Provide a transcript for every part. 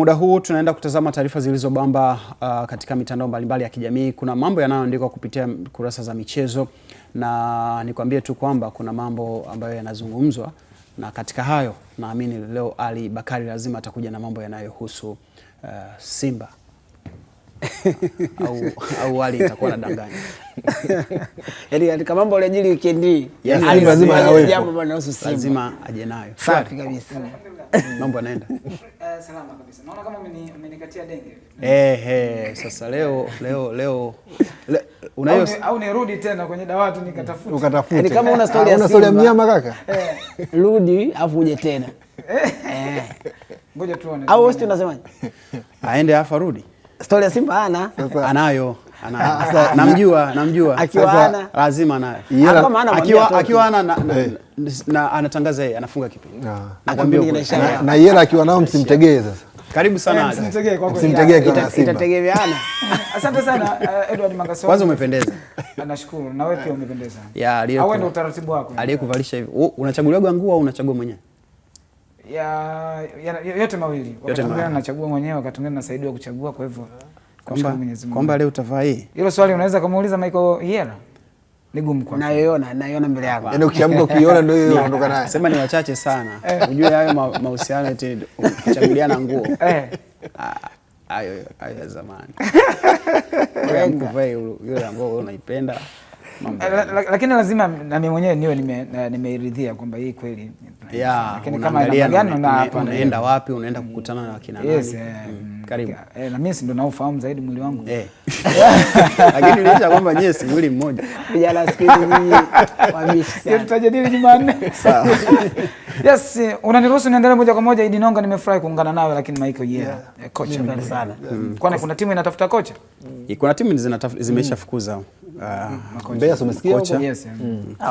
Muda huu tunaenda kutazama taarifa zilizobamba uh, katika mitandao mbalimbali ya kijamii. Kuna mambo yanayoandikwa kupitia kurasa za michezo, na nikwambie tu kwamba kuna mambo ambayo yanazungumzwa, na katika hayo naamini leo Ali Bakari lazima atakuja na mambo yanayohusu uh, Simba. au au wali itakuwa nadanganya. Yaani katika mambo aliyojili weekend hii, yaani, yaani lazima awe jambo bwana husu simu. Lazima aje nayo. Safi kabisa. Mambo yanaenda. Eh, salama kabisa. Naona kama umenikatia denge. Eh, eh, sasa leo leo leo unayo au nirudi tena kwenye dawati nikatafute. Ukatafute. Ni yaani, kama una story ah, ya una story ya mnyama kaka? Eh. Rudi afu uje tena. Eh. eh. Ngoja tuone. Au wewe unasemaje? Aende afa rudi. Stori ya Simba ana sasa, anayo ah, namjua namjua, lazima anayo. Akiwa akiwa ana eh. na anatangaza yeye anafunga kipindi, ah. nakwambia, na yeye akiwa nao msimtegee sasa. Karibu sana, eh, msimtegee kwa Simba, itategemeana. Asante sana eh, Edward Mangasonga, kwanza umependeza. Nashukuru na wewe pia umependeza. Ya, aliyekuvalisha hivi, unachaguliwa nguo au unachagua mwenyewe? ya, ya, ya, yote mawili wakati mwingine nachagua mwenyewe, wakati mwingine nasaidiwa kuchagua. Kwa hivyo kwamba kwamba leo utavaa hii, hilo swali unaweza kumuuliza Michael Hiera, ni gumu kwako. Naiona naiona mbele yako, yaani ukiamka ukiona ndio hiyo unaondoka naye. Sema ni wachache sana, unajua eh. hayo mahusiano eti kuchaguliana nguo eh ah, ayo ayo zamani, yule ambao unaipenda Eh, yaani. lakini lazima na mimi mwenyewe niwe nimeiridhia kwamba hii kweli, lakini kama unaenda wapi, unaenda kukutana na wakina nani? Eh, mm, mm, karibu eh, na mimi ndo naufahamu zaidi mwili wangu, lakini nilisha kwamba nyewe si mwili mmoja. Vijana siku hizi tutajadili Jumanne. Yes, unaniruhusu niendelee moja kwa moja. Idi Nonga, nimefurahi kuungana nawe, lakini Michael yeah, yeah. Kocha sana. mm. Kwani kuna timu inatafuta kocha? mm. Kuna timu zinatafuta zimeshafukuza mm. Mm. Mm. Ah,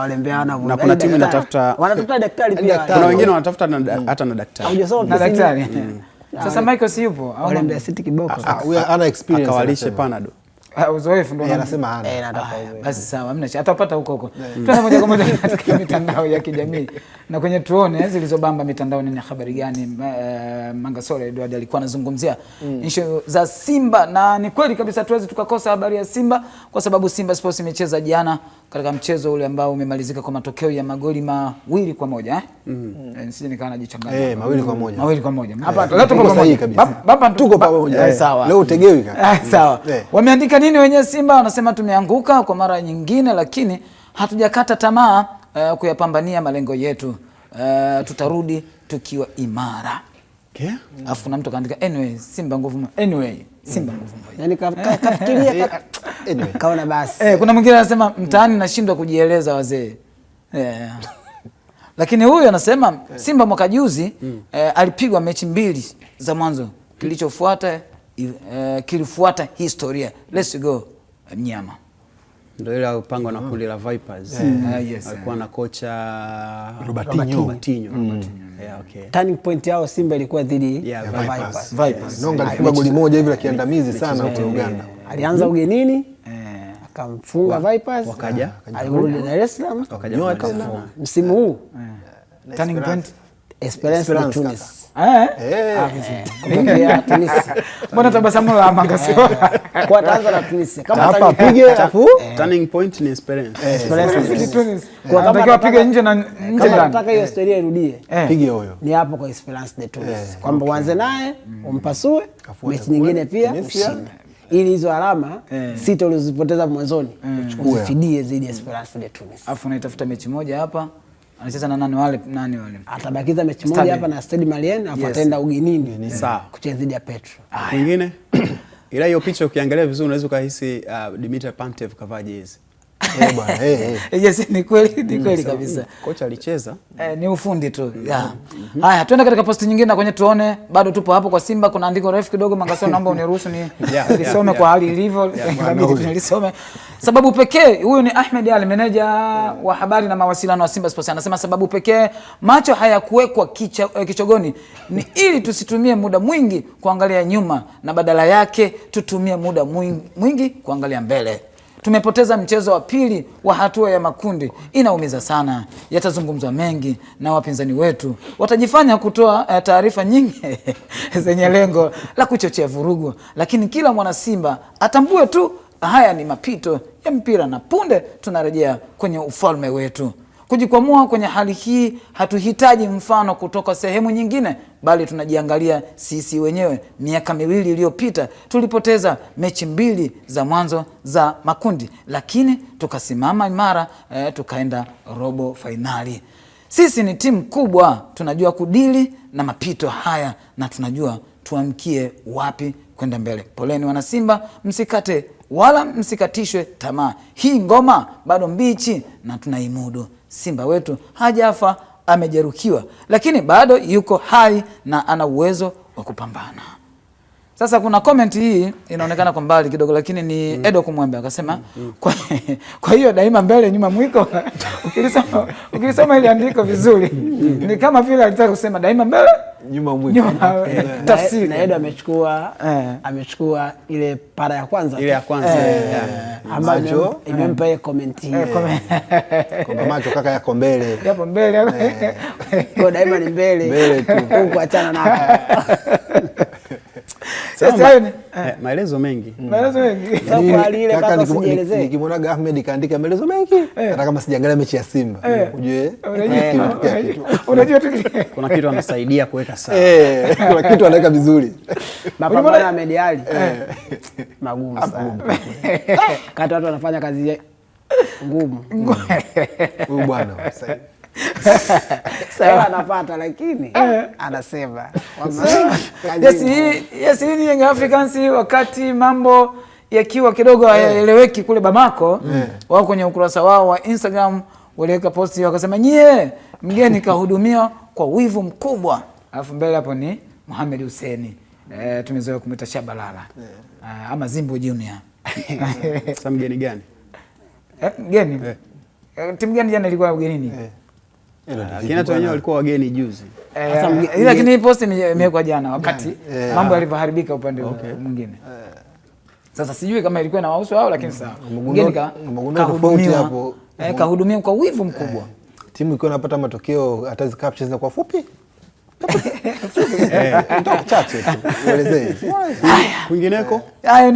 na kuna yaani timu inatafuta, yaani kuna wengine mm. wanatafuta hata na daktari. Sasa Michael si yupo, ah, ah, akawalishe panado Ah, uzoefu ndio eh, anasema ana. Eh, nataka ah, uzoefu. Basi sawa, hamna shida. Atapata huko huko. Eh. Tuna moja kwa moja katika mitandao ya kijamii. Na kwenye tuone zilizobamba mitandao ni habari gani eh, Mangasole Edward alikuwa anazungumzia mm. issue za Simba na ni kweli kabisa tuwezi tukakosa habari ya Simba kwa sababu Simba Sports imecheza jana katika mchezo ule ambao umemalizika kwa matokeo ya magoli mawili kwa moja eh? Mm. Sije nikawa najichanganya. Eh, mawili kwa moja. Mawili kwa moja. Hapa leo tuko pamoja. Baba tuko pamoja. Sawa. Leo utegewi kaka. Sawa. Wameandika nini wenyewe Simba wanasema tumeanguka kwa mara nyingine, lakini hatujakata tamaa uh, kuyapambania malengo yetu uh, tutarudi tukiwa imara. Yeah. Afu kuna mtu kaandika anyway, Simba nguvu moja. Anyway, Simba nguvu moja. Yaani eh. kafikiria anyway, kaona basi. Eh, kuna mwingine anasema mtaani nashindwa kujieleza wazee. Eh. Lakini huyu anasema Simba mwaka juzi mm. eh, alipigwa mechi mbili za mwanzo. Mm. Kilichofuata uh, kilifuata historia. Let's go mnyama ndio ile alipangwa na ah. kundi la Vipers hmm. ah, alikuwa na kocha Robertinho. Hmm. Turning point yao Simba ilikuwa dhidi ya Vipers. Vipers. Nonga alifunga goli moja hivi la kiandamizi sana huko Uganda. Alianza hmm. ugenini eh. akamfunga Vipers, wakaja alirudi Dar es Salaam msimu huu eh. turning point Esperance Tunis. Eh? Eh. Ah, Mbona tabasamu la eh. Kwa tanza Tunis. Kama hapa pige chafu. Turning point ni Esperance. Esperance Tunis. Kwa kama nje na nje ndani. nataka hiyo irudie. Pige huyo. Ni hapo kwa Esperance de Tunis. Kwamba uanze naye, mm. umpasue, mechi nyingine pia ushinde ili hizo alama eh, sita ulizipoteza mwanzoni hey, usifidie zaidi ya Esperance de Tunis. Afu unaitafuta mechi moja hapa anacheza na nani wale nani wale, atabakiza mechi moja hapa na Stade Malien, afu ataenda ugenini sawa kucheza dhidi ya Petro nyingine. Ila hiyo picha ukiangalia vizuri unaweza ukahisi uh, Dimitar Pantev kavaa jezi Eh, eh, eh. Yes, ni kweli ni mm, kweli mm, kabisa. Kocha alicheza. Eh, ni ufundi tu. mm, mm-hmm. Yeah. Mm-hmm. Haya, tuende katika posti nyingine na kwenye tuone bado tupo hapo kwa Simba kuna andiko refu kidogo Mangasolo, naomba uniruhusu ni lisome kwa hali ilivyo. Inabidi Sababu pekee huyu ni Ahmed Ali, meneja wa habari na mawasiliano wa Simba Sports. Anasema sababu pekee macho hayakuwekwa kichogoni ni ili tusitumie muda mwingi kuangalia nyuma na badala yake tutumie muda mwingi kuangalia mbele. Tumepoteza mchezo wa pili wa hatua ya makundi, inaumiza sana. Yatazungumzwa mengi na wapinzani wetu watajifanya kutoa eh, taarifa nyingi zenye lengo la kuchochea vurugu, lakini kila mwana Simba atambue tu haya ni mapito ya mpira na punde tunarejea kwenye ufalme wetu. Kujikwamua kwenye hali hii, hatuhitaji mfano kutoka sehemu nyingine, bali tunajiangalia sisi wenyewe. Miaka miwili iliyopita tulipoteza mechi mbili za mwanzo za makundi, lakini tukasimama imara eh, tukaenda robo fainali. Sisi ni timu kubwa, tunajua kudili na mapito haya na tunajua tuamkie wapi kwenda mbele. Poleni wanasimba, msikate wala msikatishwe tamaa. Hii ngoma bado mbichi na tunaimudu. Simba wetu hajafa, amejeruhiwa, lakini bado yuko hai na ana uwezo wa kupambana. Sasa kuna comment hii inaonekana kwa mbali kidogo, lakini ni mm. Edo Kumwembe akasema mm. mm. kwa, kwa hiyo daima mbele nyuma mwiko. Ukilisoma, ukilisoma ile andiko vizuri mm. ni kama vile alitaka kusema daima mbele nyuma eh, tafsiri na Edo amechukua eh. amechukua ile para ya kwanza ile ya kwanza eh, ambayo imempa ile comment hii kwamba macho kaka yako mbele yapo mbele kwa daima ni mbele mbele tu huko achana nako Eh, eh. maelezo mengi, mm. maelezo mengi. Nikimwonaga Ahmed kaandika maelezo mengi, eh. hata kama sijaangalia mechi ya Simba, ujue unajua tu kuna kitu anasaidia kuweka sawa, kuna kitu anaweka vizuri. Mapambano ya Ahmed Ally magumu sana, kati watu wanafanya kazi ngumu huyu bwana anapata lakini eh. anasema Young Africans wakati mambo yakiwa kidogo eh. hayaeleweki kule Bamako, eh. wao kwenye ukurasa wao wa Instagram waliweka posti wakasema, nyie mgeni kahudumia kwa wivu mkubwa, alafu mbele hapo ni Mohamed Hussein eh, tumezoea kumwita Shabalala eh, ah, ama Zimbu Junior. Sasa mgeni gani? Eh, mgeni. yeah. Timu gani jana ilikuwa ugenini? yeah. Ah, Kenyatta wenyewe walikuwa wageni juzi, eh, eh, lakini hii posti imewekwa jana wakati eh. mambo yalivyoharibika upande mwingine. Sasa sijui kama ilikuwa na wahusu au, lakini sawa, mm, mgeni kwa wivu mkubwa, timu ikiwa inapata matokeo hata zikawa kwa fupi Eh, eh, eh, Kwingineko hayo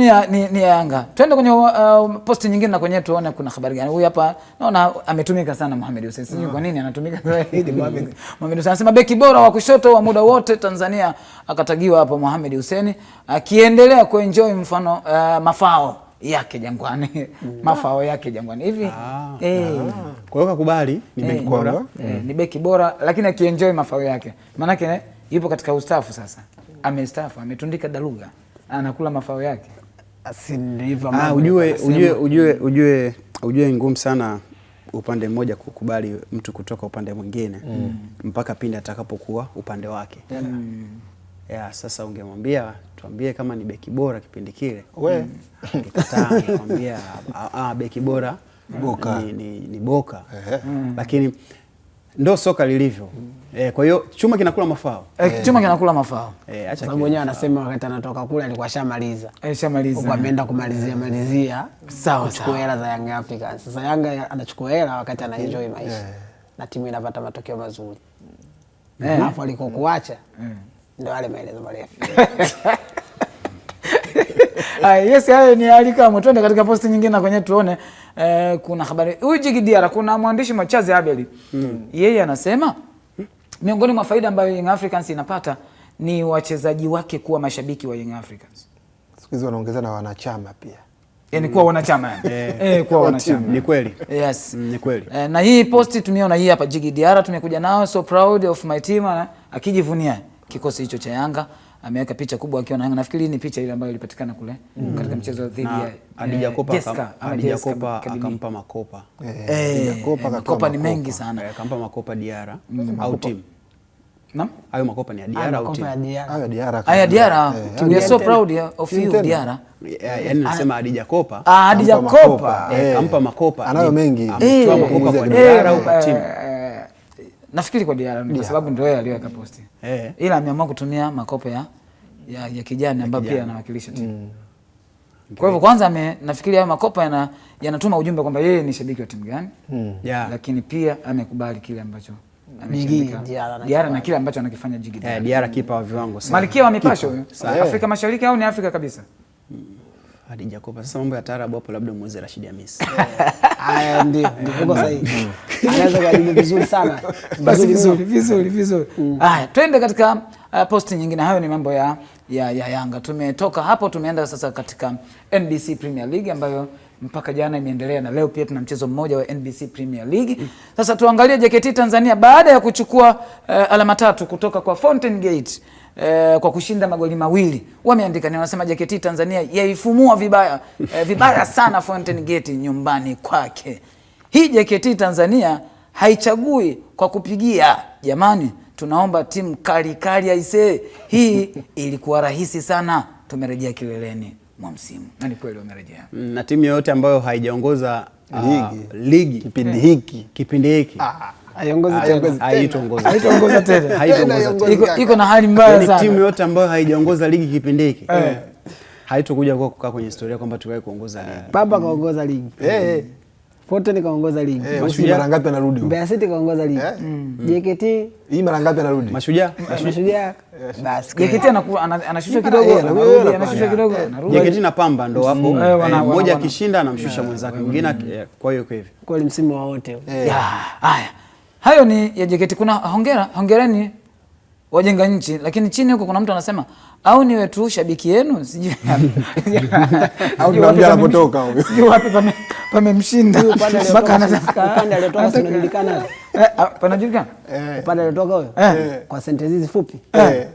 ni Yanga. Tuende kwenye uh, posti nyingine na kwenye tuone kuna habari gani. Huyu hapa naona ametumika sana Mohamed Hussein. Sijui kwa nini anatumika zaidi Mohamed Hussein. Anasema beki bora wa kushoto wa muda wote Tanzania akatagiwa hapa Mohamed Hussein akiendelea kuenjoy mfano uh, mafao yake Jangwani mm. mafao yake Jangwani hivi ah, eh, ah. Kwa hiyo kakubali ni eh, beki bora mm. eh, ni beki bora lakini akienjoy mafao yake, maanake eh, yupo katika ustafu sasa, amestafu ametundika daruga, anakula mafao yake. Ah, ujue, ujue, ujue, ujue, ujue ngumu sana upande mmoja kukubali mtu kutoka upande mwingine mm. mpaka pindi atakapokuwa upande wake mm ya sasa ungemwambia tuambie kama ni beki bora kipindi kile, we angekataa. Mm. Ah, ah, beki bora Boka. Ni, ni, ni Boka mm. Lakini ndo soka lilivyo mm. E, kwa hiyo chuma kinakula mafao e, chuma kinakula mafao e, acha sababu anasema wakati anatoka kule alikuwa shamaliza e, shamaliza ameenda kumalizia malizia sawa kuchukua hela za Young Africans. Sasa Yanga anachukua hela wakati enjoy maisha e. na timu inapata matokeo mazuri alafu alikokuacha mm ndo wale maelezo marefu. Yes, hayo ni alikamo. Twende katika posti nyingine na kwenye tuone eh, kuna habari huyu Djigui Diarra, kuna mwandishi Machazi Abeli mm. Yeye anasema miongoni mwa faida ambayo Young Africans inapata ni wachezaji wake kuwa mashabiki wa Young Africans. Siku hizi wanaongeza na wanachama pia yani eh, kuwa hmm. wanachama eh, eh kuwa wanachama ni kweli, yes hmm, ni kweli. Eh, na hii posti tumeona hii hapa, Jigi Diara tumekuja nao, so proud of my team, akijivunia Mm kikosi hicho cha Yanga ameweka picha kubwa akiwa na Yanga. Nafikiri ni picha ile ambayo ilipatikana kule mm. katika mchezo dhidi ya Adi Kopa, Adi Kopa akampa makopa. Eh, makopa eh, e, makopa ni mengi sana. Eh, akampa makopa Diara mm. au timu. Naam? Hayo makopa ni Diara au timu. Hayo Diara. Hayo Diara. Timu ya eh, so proud of you Diara. Yaani nasema Adi Kopa. Ah, Adi Kopa. Akampa makopa. Anayo mengi. Ametoa makopa kwa Diara au kwa timu. Nafikiri kwa Diara kwa sababu ndio yeye aliweka posti. Eh. Ila ameamua kutumia makopo ya ya, ya kijani ambayo pia anawakilisha timu. Mm. Kwa hivyo kwanza ame, nafikiri hayo makopa yana, yanatuma ujumbe kwamba yeye ni shabiki wa timu gani. Mm. Yeah. Lakini pia amekubali kile ambacho diara na kile ambacho anakifanya Jigi eh, Diara, kipa wa viwango sana. Malkia wa mipasho Afrika eh. Mashariki au ni Afrika kabisa? halijakopa. Sasa mambo ya taarabu hapo, labda muuze Rashid Hamisi. Haya, ndio ndio, kwa sahihi anaweza kujibu vizuri sana. Basi vizuri vizuri vizuri. Mm. Haya, twende katika uh, posti nyingine. Hayo ni mambo ya ya, ya Yanga. Tumetoka hapo tumeenda sasa katika NBC Premier League ambayo mpaka jana imeendelea na leo pia tuna mchezo mmoja wa NBC Premier League. Mm. Sasa tuangalie JKT Tanzania baada ya kuchukua uh, alama tatu kutoka kwa Fountain Gate. Eh, kwa kushinda magoli mawili. Wameandika ni wanasema JKT Tanzania yaifumua vibaya eh, vibaya sana Fountain Gate nyumbani kwake. Hii JKT Tanzania haichagui kwa kupigia. Jamani, tunaomba timu kali kali aisee. Hii ilikuwa rahisi sana, tumerejea kileleni mwa msimu. Na ni kweli wamerejea. Mm, na timu yoyote ambayo haijaongoza ligi, ah, ligi kipindi hiki kipindi hiki ah haiongozi tena, iko na hali mbaya yaani sana. Timu yote ambayo haijaongoza ligi kipindi hiki eh. haitokuja kwa kukaa kwenye historia kwamba tuwahi kuongoza ligi. Eh. Pamba kaongoza ligi, eh, Fortune kaongoza ligi, Mashujaa mara ngapi anarudi? Mbeya City kaongoza ligi, mm. mm. JKT hii mara ngapi anarudi? Mashujaa, Mashujaa basi JKT anashusha kidogo, anashusha kidogo, JKT na Pamba ndo hapo, mm. mmoja akishinda anamshusha mwenzake mwingine. Kwa hiyo kwa hivyo kwa msimu wote haya Hayo ni ya JKT. Kuna hongera hongereni wajenga nchi, lakini chini huko kuna mtu anasema au niwe tu shabiki yenu, sijui sijui wapi pamemshinda panajulikana upande aliotoka huyo kwa sentensi hizi fupi eh. Eh. Eh.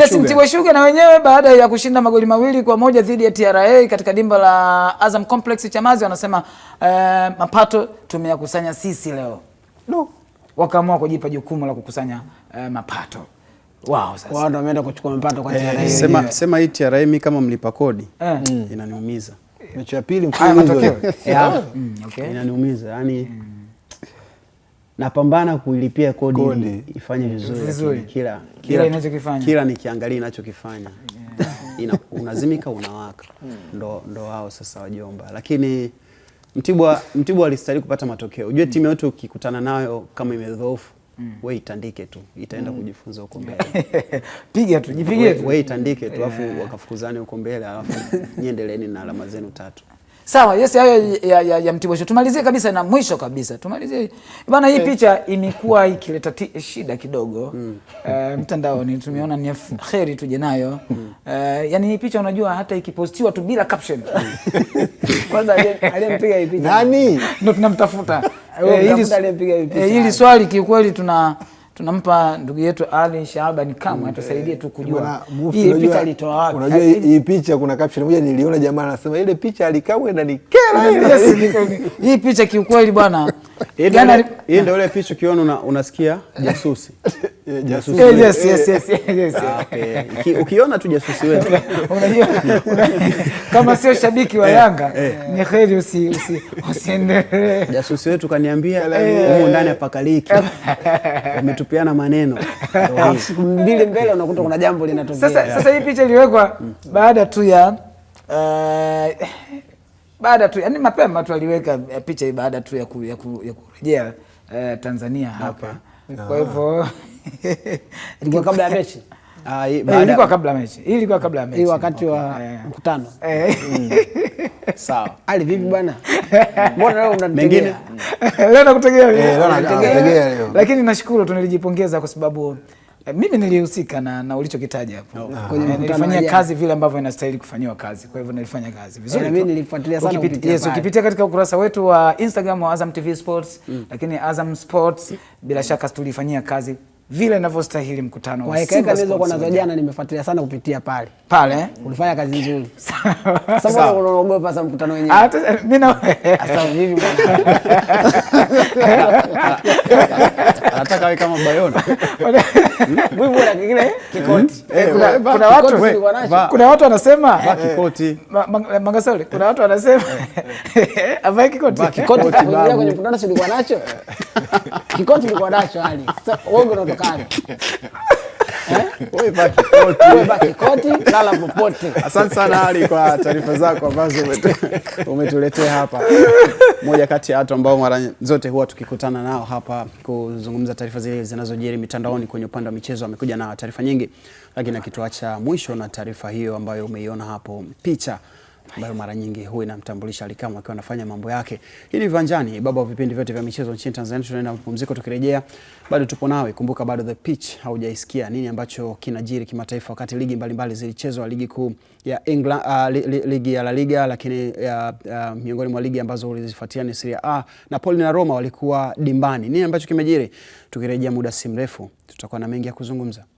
Yes, Mtibwa na wenyewe baada ya kushinda magoli mawili kwa moja dhidi ya TRA katika dimba la Azam Complex Chamazi, wanasema eh, mapato tumeyakusanya sisi leo no wakaamua kujipa jukumu la kukusanya eh, mapato wao sasa. Wao ndio wameenda kuchukua mapato kwa TRA. Eh, sema eh. sema hii e TRA mimi kama mlipa kodi eh, mm. inaniumiza. Mechi ya pili mfululizo. Yeah. Mm, okay. Inaniumiza. yani mm. Napambana kuilipia kodi, kodi ifanye vizuri, vizuri. Kila kila inachokifanya. Kila nikiangalia inachokifanya. Yeah. Ina, unazimika unawaka. Mm. Ndo ndo wao sasa wajomba. Lakini Mtibwa, Mtibwa alistahili kupata matokeo. Ujue mm. timu yote ukikutana nayo kama imedhoofu Mm. We itandike tu itaenda mm. kujifunza huko mbele piga tu jipige tu, we itandike tu alafu yeah. wakafukuzane huko mbele alafu niendeleeni na alama zenu tatu. Sawa, yes, hayo ya, ya, ya Mtibosho. Tumalizie kabisa na mwisho kabisa, tumalizie bana. Hii eh. picha imekuwa ikileta shida kidogo mm. Uh, mtandaoni tumeona ni kheri tuje nayo mm. Uh, yani hii picha unajua, hata ikipostiwa tu bila caption mm. kwanza aliyempiga hii picha nani? Ndio tunamtafuta hili swali kiukweli tuna tunampa ndugu yetu Ali kama mm, atusaidie eh, tu kujua hii picha alitoa wapi. Unajua yaani- hii picha, kuna caption moja niliona jamaa anasema ile picha alikawa na nikera yaani Hii picha kiukweli bwana, hii ndio yaani- ile picha ukiona unasikia jasusi. Eh, jasusi. Eh, yes, yes, yes, yes. Ah, okay. Ukiona tu jasusi wewe Unajua kama sio shabiki wa Yanga ni heri usi usi usiende Jasusi wetu kaniambia huko ndani apakaliki. Umetu tunapeana maneno siku mbili mbele unakuta kuna jambo linatokea. Sasa, sasa hii picha iliwekwa baada tu ya uh, baada tu yani mapema tu aliweka eh, picha hii baada tu ya kurejea ku, yeah, uh, Tanzania hapa Kwa hivyo ah. ah, eh, ilikuwa kabla ya mechi ilikuwa kabla ya mechi, ilikuwa kabla ya mechi wakati wa mkutano mm. Sawa. Ali vipi bwana? Mbona leo Leo eh, leo. Lakini nashukuru tu nilijipongeza kwa sababu eh, mimi nilihusika na, na ulichokitaja hapo. Oh. Eh, nilifanyia kazi vile ambavyo inastahili kufanyiwa kazi. Kwa hivyo nilifanya kazi vizuri. Na mimi nilifuatilia sana ukipitia. Yes, ukipitia katika ukurasa wetu wa Instagram wa Azam TV Sports, mm. lakini Azam Sports bila shaka tulifanyia kazi vile inavyostahili mkutano wa Simba Sports. Nazo jana nimefuatilia sana kupitia pale pale, ulifanya kazi nzuri. Sasa unaogopa sasa mkutano wenyewe? Ah, Mimi na sasa hivi nataka wewe kama Bayona hmm? kingine kikoti. Hmm? Eh, eh, kuna watu kuna watu wanasema kikoti, Mangasole, kuna watu wanasema eh, avae kikoti, kikoti kwenye mkutano sio nacho kikoti nilikuwa nacho hali uongo unatokana eh? kikoti lala popote. Asante sana Ali kwa taarifa zako ambazo umetuletea hapa. Moja kati ya watu ambao mara zote huwa tukikutana nao hapa kuzungumza taarifa zile zinazojiri mitandaoni kwenye upande wa michezo, amekuja na taarifa nyingi, lakini akituacha mwisho na taarifa hiyo ambayo umeiona hapo picha ambayo mara nyingi huwa inamtambulisha Ally Kamwe akiwa anafanya mambo yake. Hii ni Viwanjani, baba wa vipindi vyote vya michezo nchini Tanzania. Tunaenda mapumziko, tukirejea bado tupo nawe. Kumbuka bado the pitch haujaisikia nini ambacho kinajiri kimataifa, wakati ligi mbalimbali zilichezwa, ligi kuu ya England, uh, ah, li, li, ligi ya La Liga, lakini uh, uh, miongoni mwa ligi ambazo ulizifuatia ni Serie A. Napoli na Roma walikuwa dimbani. Nini ambacho kimejiri? Tukirejea muda si mrefu, tutakuwa na mengi ya kuzungumza.